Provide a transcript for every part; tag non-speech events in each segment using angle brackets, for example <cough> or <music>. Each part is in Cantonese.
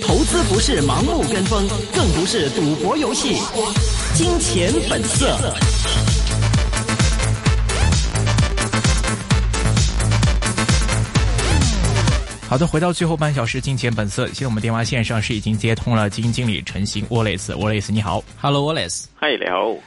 投資不是盲目跟風，更不是賭博遊戲。金錢本色。好的，回到最後半小時，金錢本色。現在我們電話線上是已經接通了，基金經理陳昕。Wallace，Wallace，你好，Hello Wallace，嗨，你好。Hello, Wallace. Hi,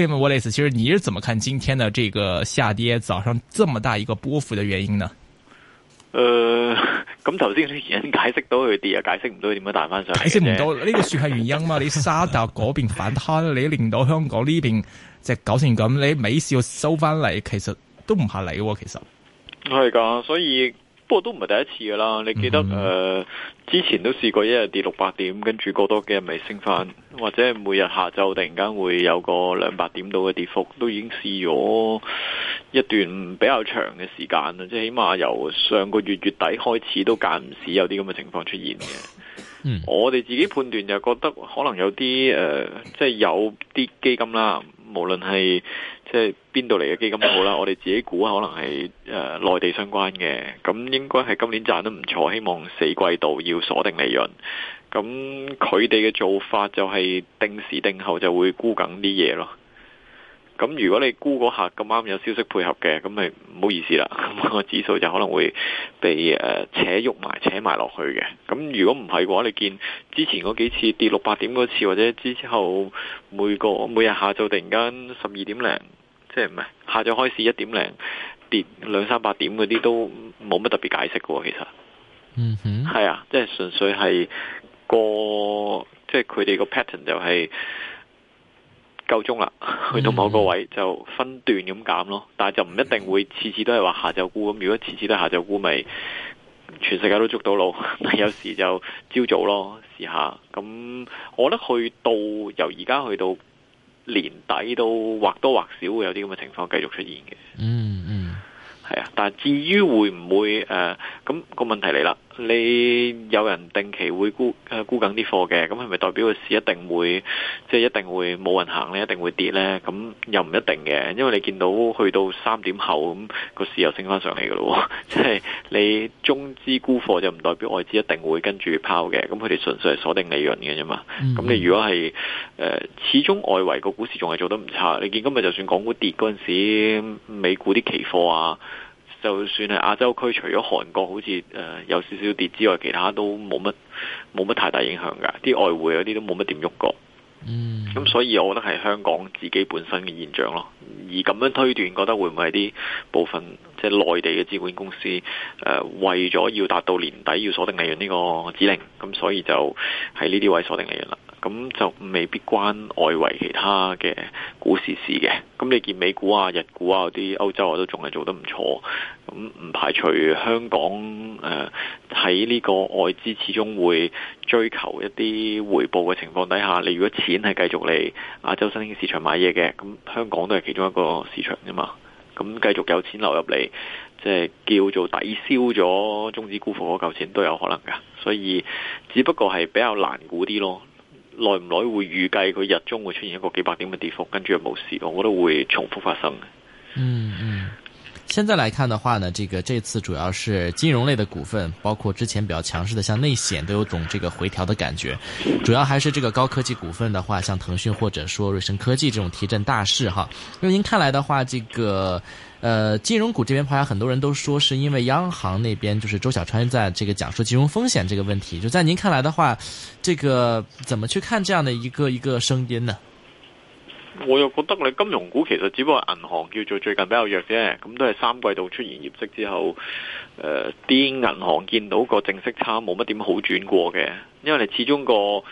其實你是怎麼看今天的這個下跌，早上這麼大一個波幅的原因呢？呃，咁頭先已經解釋到佢跌啊，解釋唔到點樣彈翻上，解釋唔到呢個算係原因嘛？ <laughs> 你沙特嗰邊反貪， <laughs> 你令到香港呢邊即係搞成咁，你尾市收翻嚟，其實都唔合理喎。其實係噶，所以。不過都唔係第一次噶啦，你記得誒、嗯哼呃，之前都試過一日跌六百點，跟住過多幾日咪升翻，或者每日下晝突然間會有個兩百點到嘅跌幅，都已經試咗一段比較長嘅時間啦。即係起碼由上個月月底開始都間唔時有啲咁嘅情況出現嘅。嗯、我哋自己判斷就覺得可能有啲誒、呃，即係有啲基金啦，無論係。即係邊度嚟嘅基金都好啦，我哋自己估可能係誒、呃、內地相關嘅，咁應該係今年賺得唔錯，希望四季度要鎖定利潤。咁佢哋嘅做法就係定時定候就會沽緊啲嘢咯。咁如果你沽嗰下咁啱有消息配合嘅，咁咪唔好意思啦。個指數就可能會被誒扯喐埋、扯埋落去嘅。咁如果唔係嘅話，你見之前嗰幾次跌六百點嗰次，或者之後每個每日下晝突然間十二點零。即係唔係？下晝開始一點零跌兩三百點嗰啲都冇乜特別解釋嘅喎、哦，其實，嗯哼、mm，係、hmm. 啊，即係純粹係個，即係佢哋個 pattern 就係夠鐘啦，mm hmm. 去到某個位就分段咁減咯。但係就唔一定會次次都係話下晝沽咁。如果次次都係下晝沽咪全世界都捉到路。但、mm hmm. <laughs> 有時就朝早咯，試下咁，我覺得去到由而家去到。年底都或多或少會有啲咁嘅情況繼續出現嘅、嗯。嗯嗯，係啊，但係至於會唔會誒，咁、呃那個問題嚟啦。你有人定期會沽、啊、沽緊啲貨嘅，咁係咪代表個市一定會即係一定會冇人行咧，一定會跌咧？咁又唔一定嘅，因為你見到去到三點後，咁個市又升翻上嚟嘅咯。即 <laughs> 係你中資沽貨就唔代表外資一定會跟住拋嘅，咁佢哋純粹係鎖定利潤嘅啫嘛。咁你如果係誒、呃、始終外圍個股市仲係做得唔差，你見今日就算港股跌嗰陣時，美股啲期貨啊。就算係亞洲區，除咗韓國好似誒有少少跌之外，其他都冇乜冇乜太大影響㗎。啲外匯嗰啲都冇乜點喐過。嗯，咁所以我覺得係香港自己本身嘅現象咯。而咁樣推斷，覺得會唔會係啲部分即係、就是、內地嘅資管公司、呃、為咗要達到年底要鎖定利率呢個指令，咁所以就喺呢啲位鎖定利潤啦。咁就未必關外圍其他嘅股市事嘅。咁你見美股啊、日股啊啲歐洲啊都仲係做得唔錯，咁唔排除香港誒喺呢個外資始終會追求一啲回報嘅情況底下，你如果錢係繼續嚟亞洲新興市場買嘢嘅，咁香港都係其中一個市場啫嘛。咁繼續有錢流入嚟，即係叫做抵消咗中資沽貨嗰嚿錢都有可能㗎。所以只不過係比較難估啲咯。耐唔耐會預計佢日中會出現一個幾百點嘅跌幅，跟住冇事，我覺得會重複發生。嗯嗯，現在來看的話呢，這個這次主要是金融類的股份，包括之前比較強勢的，像內險都有種這個回調的感覺，主要還是這個高科技股份的話，像騰訊或者說瑞聲科技這種提振大勢哈。因為您看來的話，這個。呃，金融股這邊拋壓，很多人都說是因為央行那邊就是周小川在這個講述金融風險這個問題。就在您看來的話，這個怎麼去看這樣的一個一個聲音呢？我又覺得，你金融股其實只不過銀行叫做最近比較弱啫，咁都係三季度出現業績之後，呃，啲銀行見到個淨息差冇乜點好轉過嘅，因為你始終個。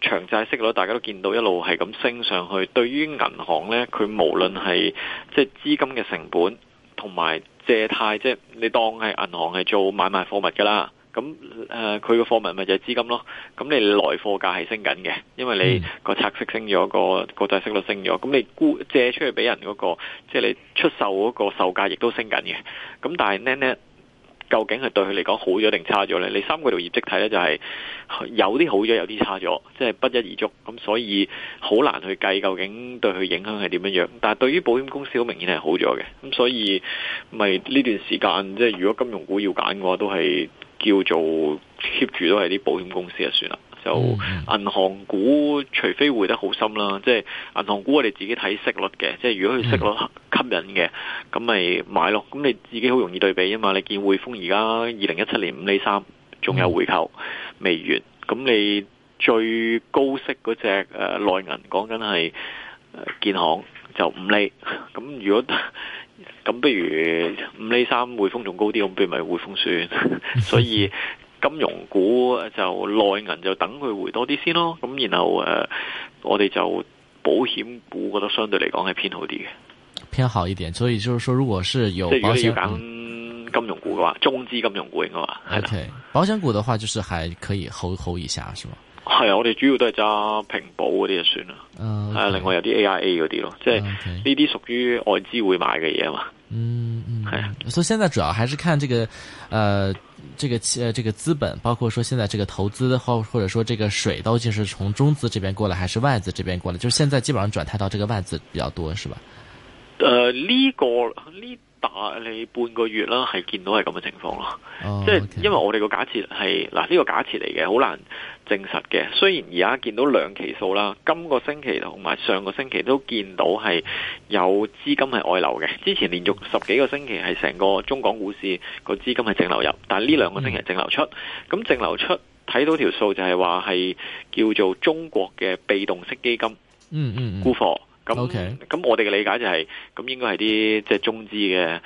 長債息率大家都見到一路係咁升上去，對於銀行呢，佢無論係即係資金嘅成本同埋借貸，即係你當係銀行係做買賣貨物噶啦，咁誒佢個貨物咪就係資金咯。咁你來貨價係升緊嘅，因為你個拆 mm. 息升咗，個國債息率升咗，咁你估借出去俾人嗰個，即係你出售嗰個售價亦都升緊嘅。咁但係呢。究竟係對佢嚟講好咗定差咗呢？你三個月度業績睇呢，就係有啲好咗，有啲差咗，即係不一而足。咁所以好難去計究竟對佢影響係點樣樣。但係對於保險公司好明顯係好咗嘅。咁所以咪呢段時間即係如果金融股要揀嘅話，都係叫做 keep 住都係啲保險公司就算啦。就、嗯、銀行股，除非回得好深啦，即係銀行股我哋自己睇息率嘅，嗯、即係如果佢息率吸引嘅，咁咪買咯。咁你自己好容易對比啊嘛，你見匯豐而家二零一七年五厘三，仲有回購未完，咁、嗯、你最高息嗰隻、呃、內銀講緊係建行就五厘，咁如果咁不如五厘三匯豐仲高啲，咁不如咪匯豐算，嗯、 <laughs> 所以。金融股就內銀就等佢回多啲先咯，咁然後誒、呃、我哋就保險股覺得相對嚟講係偏好啲嘅，偏好一點，所以就是說，如果是有保險金融股嘅話，中資金融股嘅話，係啦 Okay, 的，保險股嘅話，就是還可以 hold hold 一下，是嗎？係啊，我哋主要都係揸平保嗰啲就算啦。啊，uh, okay. 另外有啲 AIA 嗰啲咯，即係呢啲屬於外資會買嘅嘢嘛。嗯、okay. 嗯，所、嗯、以是、so, 現在主要還是看這個，誒、呃，這個，誒、呃，這個資本，包括說現在這個投資，或或者說這個水，究竟是從中資這邊過來，還是外資這邊過來？就現在基本上轉態到這個外資比較多，是吧？誒呢、呃這個呢？這個嗱，你半個月啦，係見到係咁嘅情況咯。即係、oh, okay. 因為我哋、個假設係嗱，呢個假設嚟嘅，好難證實嘅。雖然而家見到兩期數啦，今個星期同埋上個星期都見到係有資金係外流嘅。之前連續十幾個星期係成個中港股市個資金係淨流入，但係呢兩個星期係淨流出。咁、mm. 淨流出睇到條數就係話係叫做中國嘅被動式基金，嗯嗯，沽貨。咁咁，Okay. 我哋嘅理解就係，咁應該係啲即係中資嘅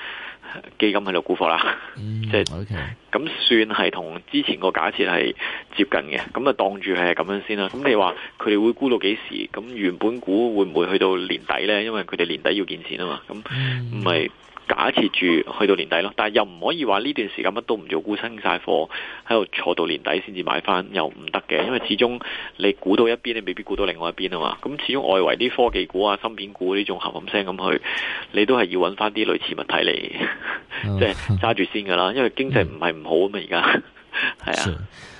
基金喺度沽貨啦，即係咁算係同之前個假設係接近嘅，咁啊當住係咁樣先啦。咁你話佢哋會沽到幾時？咁原本沽會唔會去到年底呢？因為佢哋年底要見錢啊嘛，咁唔係。嗯假設住去到年底咯，但又唔可以話呢段時間乜都唔做，沽清晒貨喺度坐到年底先至買返，又唔得嘅，因為始終你估到一邊，你未必估到另外一邊啊嘛。咁始終外圍啲科技股啊、芯片股呢種冚冚聲咁去，你都係要揾翻啲類似物體嚟，即係揸住先㗎啦。因為經濟唔係唔好啊嘛，而家係啊。 <laughs>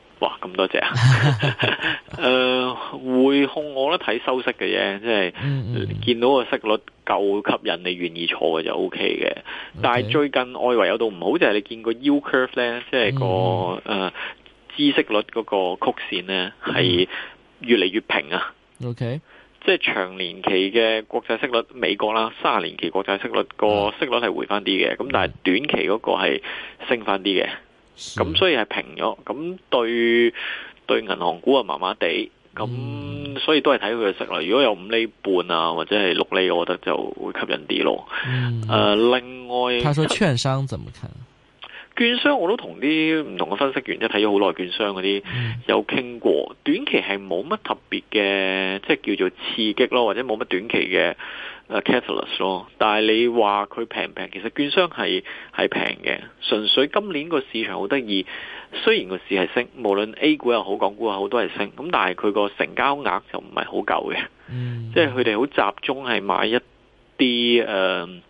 咁多隻，誒、 <laughs> <laughs> 呃，匯控我都睇收息嘅嘢，即係、嗯嗯、見到個息率夠吸引，你願意坐嘅就 O K 嘅。Okay, 但係最近外圍有度唔好就，就係你見個 U curve 咧，即係、那個誒孳、嗯呃、息率嗰個曲線咧係、嗯、越嚟越平啊。O okay , K，即係長年期嘅國債息率，美國啦，卅年期國債息率、嗯、個息率係回翻啲嘅，咁、嗯、但係短期嗰個係升翻啲嘅。咁、嗯、所以係平咗，咁對對銀行股啊麻麻地，咁所以都係睇佢嘅息率。如果有五厘半啊，或者係六厘，我覺得就會吸引啲咯。誒、嗯呃，另外，他說券商怎麼看？券商我都同啲唔同嘅分析員即係睇咗好耐，券商嗰啲有傾過，短期係冇乜特別嘅，即係叫做刺激咯，或者冇乜短期嘅 catalyst 咯。但係你話佢平唔平？其實券商係係平嘅，純粹今年個市場好得意，雖然個市係升，無論 A 股又好，港股又好，都係升。咁但係佢個成交額就唔係好夠嘅，嗯、即係佢哋好集中係買一啲誒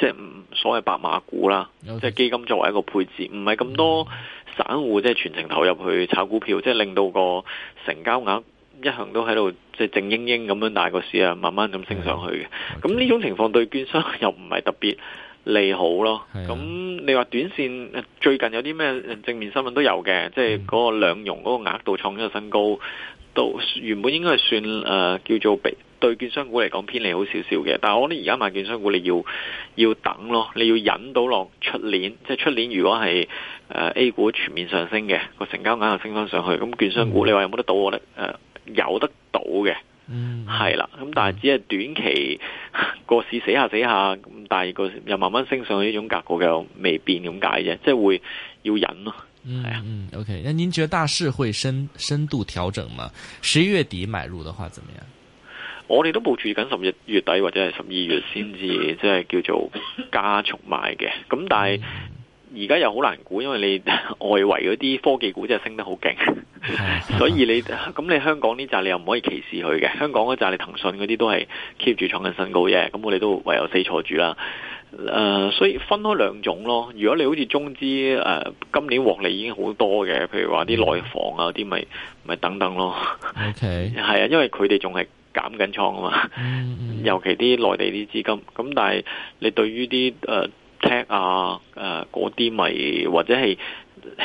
即係所謂白馬股啦，Okay. 即係基金作為一個配置，唔係咁多散戶即係全程投入去炒股票，嗯、即係令到個成交額一向都喺度即係靜英英咁樣，但係個市啊慢慢咁升上去嘅。咁呢 Okay. 種情況對券商又唔係特別利好咯。咁 Yeah. 你話短線最近有啲咩正面新聞都有嘅，即係嗰個兩融嗰個額度創咗個新高，都原本應該係算誒、呃、叫做被。對券商股嚟講，偏利好少少嘅。但係我覺得而家買券商股，你要要等咯，你要忍到落出年，即係出年如果係誒 A 股全面上升嘅個成交額又升翻上去，咁券商股你話有冇得到？我覺得誒有得到嘅，係啦、嗯。咁、呃嗯、但係只係短期個、嗯、市死下死下，咁但係個又慢慢升上去呢種格局就未變咁解啫，即係會要忍咯。係啊、嗯的嗯，OK。那您覺得大市會深深度調整嗎？十一月底買入的話，怎麼樣？我哋都部署緊十一月底或者係十二月先至，即係叫做加速賣嘅。咁但係而家又好難估，因為你外圍嗰啲科技股真係升得好勁，的所以你咁的你香港呢紮你又唔可以歧視佢嘅。香港嗰扎你騰訊嗰啲都係 keep 住創緊新高啫。咁我哋都唯有死坐住啦。誒、呃，所以分開兩種咯。如果你好似中資誒、呃，今年獲利已經好多嘅，譬如話啲內房啊，啲咪咪等等咯。OK，係係啊，因為佢哋仲係。減緊倉啊嘛，尤其啲內地啲資金，咁但係你對於啲誒 tech 啊誒嗰啲咪或者係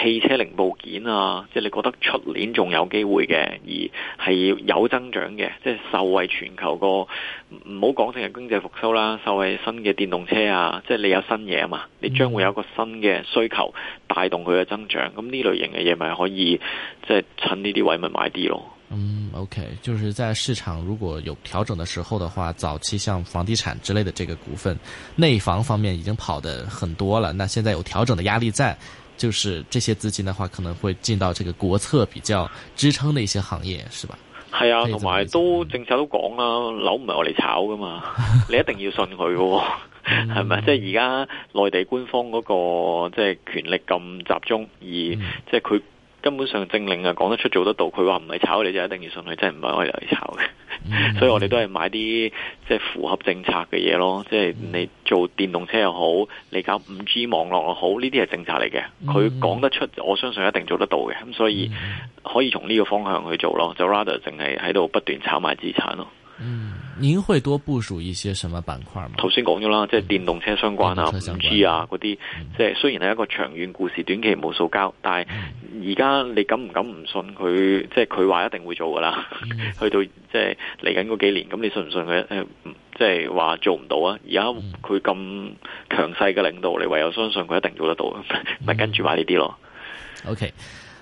汽車零部件啊，即係你覺得出年仲有機會嘅，而係有增長嘅，即係受惠全球個唔好講淨係經濟復蘇啦，受惠新嘅電動車啊，即係你有新嘢啊嘛，你將會有個新嘅需求帶動佢嘅增長，咁呢類型嘅嘢咪可以即係趁呢啲位咪買啲咯。嗯，OK，就是在市場如果有調整的時候的話，早期像房地產之類的這個股份，內房方面已經跑得很多了，那現在有調整的壓力在，就是這些資金的話可能會進到這個國策比較支撐的一些行業，是吧？係啊，同埋都政策都講啦，樓唔係我哋炒噶嘛， <laughs> 你一定要信佢嘅、哦，係咪？嗯、即係而家內地官方嗰、嗰個即係權力咁集中，而、嗯、即係佢。根本上政令啊講得出做得到，佢話唔係炒，你就一定要信佢，真係唔係可以嚟炒嘅。嗯、 <laughs> 所以我哋都係買啲即係符合政策嘅嘢咯，即、就、係、是、你做電動車又好，嗯、你搞五 G 網絡又好，呢啲係政策嚟嘅。佢講得出，嗯、我相信一定做得到嘅。咁所以可以從呢個方向去做咯，就 rather 淨係喺度不斷炒賣資產咯。嗯，您會多部署一些什麼板塊嘛？頭先講咗啦，即、就、係、是、電動車相關啊、五、啊、G 啊嗰啲，即係、嗯就是、雖然係一個長遠故事，短期冇數交，但係、嗯。而家你敢唔敢唔信佢？即係佢話一定會做噶啦，嗯、去到即係嚟緊嗰幾年，咁你信唔信佢？即係話做唔到啊？而家佢咁強勢嘅領導，你唯有相信佢一定做得到，咪、嗯、 <laughs> 跟住買呢啲咯。OK，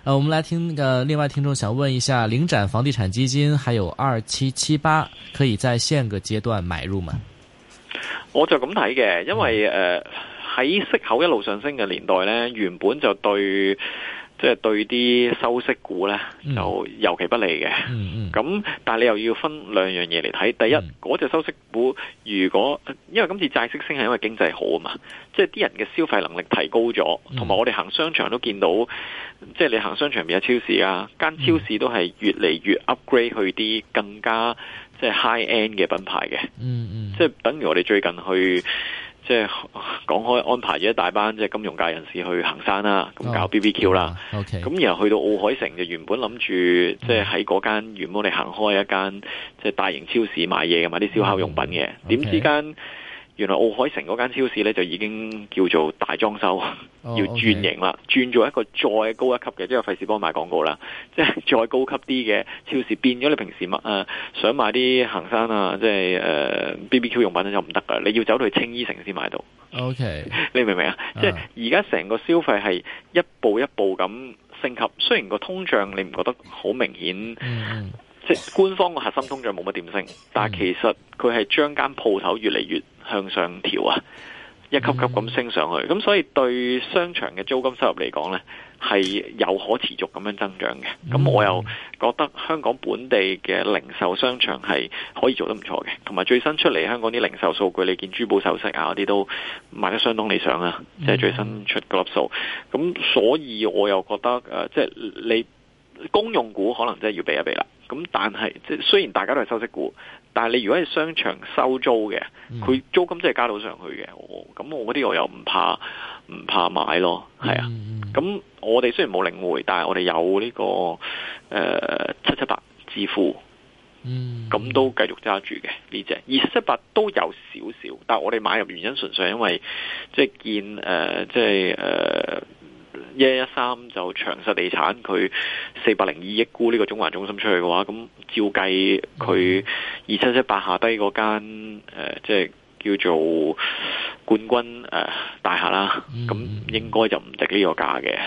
嗱、啊，我們嚟聽個另外聽眾想問一下，領展房地產基金還有二七七八可以在現個階段買入嗎？我就咁睇嘅，因為誒、呃、喺息口一路上升嘅年代呢，原本就對。即係對啲收息股呢，就尤其不利嘅。咁、嗯嗯、但係你又要分兩樣嘢嚟睇。第一，嗰隻、嗯、收息股，如果因為今次債息升係因為經濟好啊嘛，即係啲人嘅消費能力提高咗，同埋、嗯、我哋行商場都見到，即係你行商場入超市啊，間、嗯、超市都係越嚟越 upgrade 去啲更加即係 high end 嘅品牌嘅、嗯。嗯，即係等於我哋最近去。即係講開安排咗一大班即係金融界人士去行山啦，咁搞 BBQ 啦，咁、oh, yeah , okay. 然後去到奧海城就原本諗住即係喺嗰間原本你行開一間即係大型超市買嘢嘅買啲燒烤用品嘅，點、oh, okay. 知間？原來奧海城嗰間超市咧就已經叫做大裝修，oh, 要轉型啦，okay. 轉做一個再高一級嘅，即係費事幫我賣廣告啦，即、就、係、是、再高級啲嘅超市變咗你平時乜、呃、想買啲行山啊，即、就、係、是、誒、呃、B B Q 用品就唔得噶，你要走到去青衣城先買到。O Okay . K，你明唔明啊？Uh. 即係而家成個消費係一步一步咁升級，雖然個通脹你唔覺得好明顯，mm. 即係官方個核心通脹冇乜點升，mm. 但係其實佢係將間鋪頭越嚟越。向上調啊，一級級咁升上去，咁、嗯、所以對商場嘅租金收入嚟講呢，係有可持續咁樣增長嘅。咁、嗯、我又覺得香港本地嘅零售商場係可以做得唔錯嘅，同埋最新出嚟香港啲零售數據，你見珠寶首飾啊嗰啲都賣得相當理想啊，即係、嗯、最新出嗰粒數。咁所以我又覺得誒，即、呃、係、就是、你公用股可能真係要避一避啦。咁但係即、就是、雖然大家都係收息股。但係你如果係商場收租嘅，佢租金即係加到上去嘅，咁、哦、我嗰啲我又唔怕唔怕買咯，係啊，咁我哋雖然冇領匯，但係我哋有呢、呢個誒、呃、七七八置富，咁都繼續揸住嘅呢隻二七八都有少少，但係我哋買入原因純粹係因為即係見誒、呃、即係誒。呃一一三就長實地產佢四百零二億沽呢個中環中心出去嘅話，咁照計佢二七七八下低嗰間誒、嗯呃，即係叫做冠軍誒、呃、大廈啦，咁、嗯、應該就唔值呢個價嘅。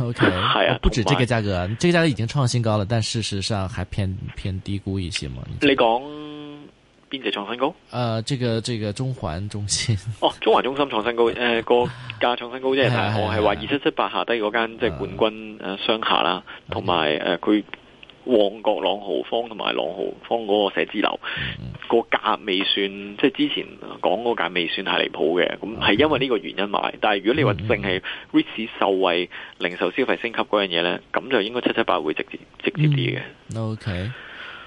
O K 係啊，okay，不止呢個價格，呢、這個價格已經創新高了，但事實上還偏偏低估一些嘛。你講。你邊隻創新高？誒、啊，這個這個中環中心哦，中環中心創新高，誒個價創新高，即係大行係話二七七八下低嗰間即係冠軍誒商廈啦，同埋誒佢旺角朗豪坊同埋朗豪坊嗰個寫字樓個價未算，即、就、係、是、之前講嗰價未算太離譜嘅，咁係因為呢個原因買。嗯、但係如果你話淨係 risk 受惠零售消費升級嗰樣嘢咧，咁就應該七七八會直接直接啲嘅。O K、嗯。Okay.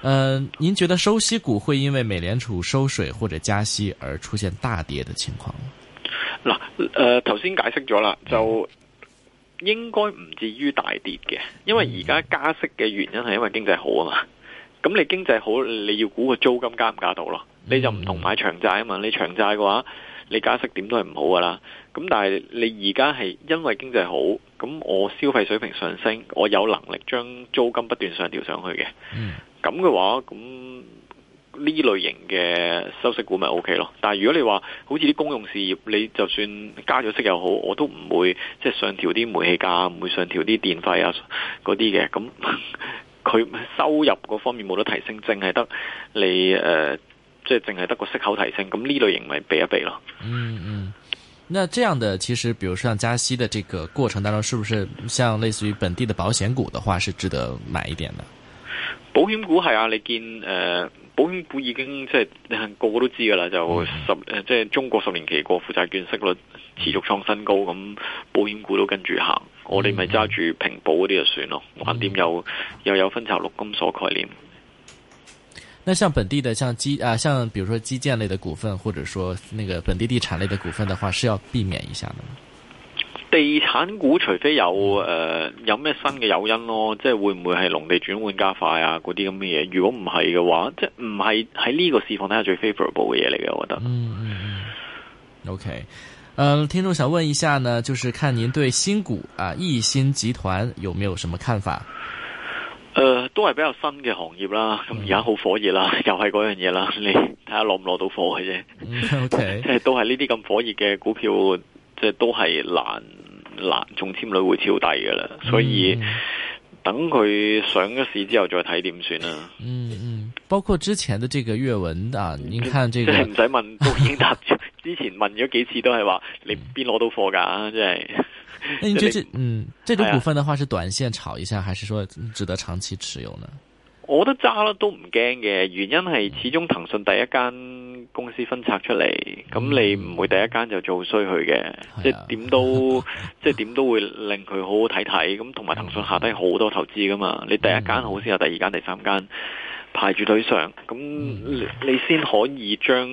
嗯、呃，您覺得收息股會因為美聯儲收水或者加息而出現大跌的情況？嗱，誒，頭先解釋咗啦，就應該唔至於大跌嘅，因為而家加息嘅原因係因為經濟好啊嘛，咁、嗯、你經濟好，你要估個租金加唔加到咯，你就唔同買長債啊嘛，嗯、你長債嘅話，你加息點都係唔好㗎啦。咁但係你而家係因為經濟好，咁我消費水平上升，我有能力將租金不斷上調上去嘅。嗯。咁嘅話，咁呢類型嘅收息股咪 OK 咯？但係如果你話好似啲公用事業，你就算加咗息又好，我都唔會即係、就是、上調啲煤氣價，唔會上調啲電費啊嗰啲嘅。咁佢收入嗰方面冇得提升，淨係得你誒，即係淨係得個息口提升。咁呢類型咪避一避咯、嗯。嗯嗯。那這樣的其實，比如像加息的這個過程當中，是不是像類似於本地的保險股的話，是值得買一點的？保險股係啊，你見誒、呃，保險股已經即係個，個個都知噶啦，就十誒、嗯、即係中國十年期國負債券息率持續創新高咁，保險股都跟住行，嗯、我哋咪揸住平保嗰啲就算咯，橫掂有、嗯、又有分拆陸金所概念。那像本地的，像基啊，像比如說基建類的股份，或者說那個本地地產類的股份的話，是要避免一下的嗎？地產股除非有呃有咩新嘅誘因咯，即係會唔會係農地轉換加快啊？嗰啲咁嘅嘢，如果唔係嘅話，即係唔係喺呢個市況底下最 favorable 嘅嘢嚟嘅，我覺得。嗯嗯。OK，嗯、呃，聽眾想問一下呢，就是看您對新股啊，易鑫集團有沒有什麼看法？誒、呃，都係比較新嘅行業啦，咁而家好火熱啦，嗯、又係嗰樣嘢啦，你睇下攞唔攞到貨嘅啫，即係、嗯 okay、 <laughs> 都係呢啲咁火熱嘅股票，即、就、係、是、都係難難中籤率會超低噶啦，所以、嗯、等佢上咗市之後再睇點算啦。嗯嗯。嗯包括之前的這個閱文啊，你看這個，即係唔使問 <laughs> 都已經答。之前問咗幾次都係話你邊攞到貨噶、啊，即、就、係、是 <laughs> 你。嗯，啊、這種股份的話是短線炒一下，還是說值得長期持有呢？我覺得揸咧都唔驚嘅，原因係始終騰訊第一間公司分拆出嚟，咁、嗯、你唔會第一間就做衰佢嘅。嗯、即係點都， <laughs> 即係點都會令佢好好睇睇。咁同埋騰訊下低好多投資噶嘛，你第一間好先有第二間、嗯、第三間。排住隊上，咁你，你先可以將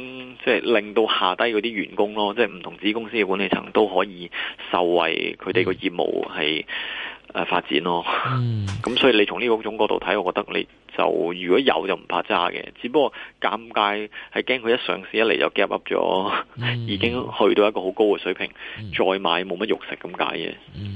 即係令到下低嗰啲員工咯，即係唔同子公司嘅管理層都可以受惠，佢哋個業務係誒發展咯。咁、嗯、所以你從呢種角度睇，我覺得你就如果有就唔怕揸嘅，只不過尷尬係驚佢一上市一嚟就 gap up 咗，嗯、已經去到一個好高嘅水平，嗯、再買冇乜肉食咁解嘅。嗯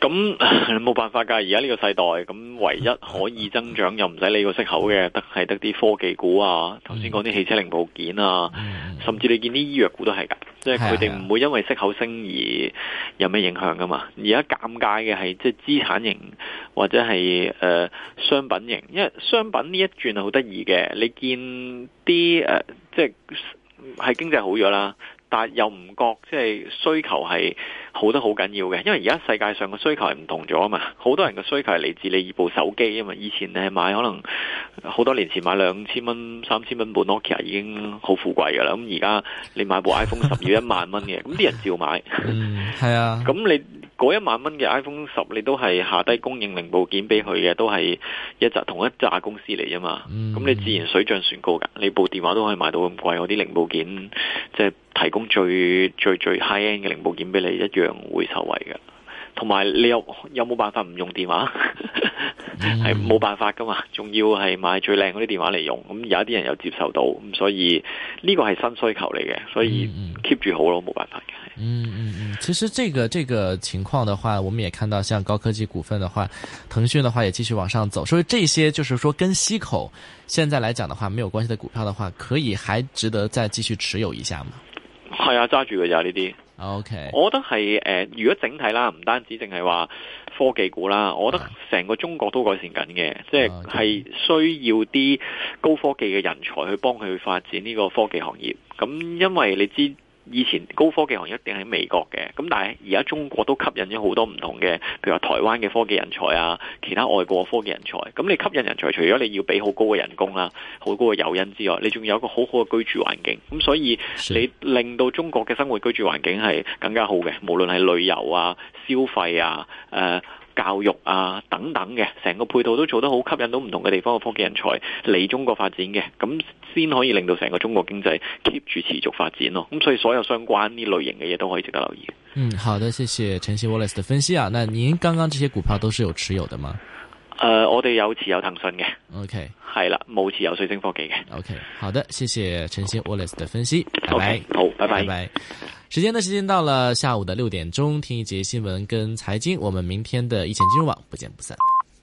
咁冇辦法噶，而家呢個世代咁，唯一可以增長 <laughs> 又唔使理個息口嘅，得係得啲科技股啊，頭先講啲汽車零部件啊， <laughs> 甚至你見啲醫藥股都係噶， <laughs> 即係佢哋唔會因為息口升而有咩影響噶嘛。而家尷尬嘅係即係資產型或者係誒、呃、商品型，因為商品呢一轉係好得意嘅，你見啲誒、呃、即係係經濟好咗啦。但又唔覺即係需求係好得好緊要嘅，因為而家世界上嘅需求係唔同咗啊嘛，好多人嘅需求係嚟自你二部手機啊嘛，以前你買可能好多年前買兩千蚊、三千蚊部 Nokia 已經好富貴噶啦，咁而家你買部 iPhone 十二一萬蚊嘅，咁啲 <laughs> 人照買，係、嗯、啊，咁 <laughs> 你。嗰一萬蚊嘅 iPhone 十，你都係下低供應零部件俾佢嘅，都係一扎同一扎公司嚟啫嘛。咁、mm hmm. 你自然水漲船高噶，你部電話都可以賣到咁貴，我啲零部件即係提供最最最 high end 嘅零部件俾你，一樣會受惠㗎。同埋你有有冇辦法唔用電話？係 <laughs> 冇辦法噶嘛，仲要係買最靚嗰啲電話嚟用。咁有一啲人又接受到，咁所以呢個係新需求嚟嘅，所以 keep 住好咯，冇、嗯嗯嗯嗯、辦法嘅。嗯嗯嗯，其實這個這個情況的話，我們也看到，像高科技股份的話，騰訊的話也繼續往上走。所以這些就是說跟息口現在來講的話沒有關係的股票的話，可以還值得再繼續持有一下嗎？係啊，揸住佢啊呢啲。OK，我覺得係誒、呃，如果整體啦，唔單止淨係話科技股啦，我覺得成個中國都改善緊嘅，即係係需要啲高科技嘅人才去幫佢去發展呢個科技行業。咁因為你知。以前高科技行業一定喺美國嘅，咁但係而家中國都吸引咗好多唔同嘅，譬如話台灣嘅科技人才啊、其他外國嘅科技人才。咁你吸引人才，除咗你要俾好高嘅人工啦、好高嘅誘因之外，你仲有一個好好嘅居住環境。咁所以你令到中國嘅生活居住環境係更加好嘅，無論係旅遊啊、消費啊、呃教育啊等等嘅，成個配套都做得好，吸引到唔同嘅地方嘅科技人才嚟中國發展嘅，咁先可以令到成個中國經濟 keep 住持續發展咯。咁所以所有相關呢類型嘅嘢都可以值得留意。嗯，好的，謝謝陳昕 Wallace 嘅分析啊。那您剛剛這些股票都是有持有的嗎？誒、呃，我哋有持有騰訊嘅，OK，係啦，冇持有瑞星科技嘅，OK，好的，謝謝陳昕 Wallace 嘅分析，拜拜，okay，好，拜拜，拜拜，時間的時間到了，下午的六點鐘，聽一節新聞跟財經，我們明天的一線金融網不見不散。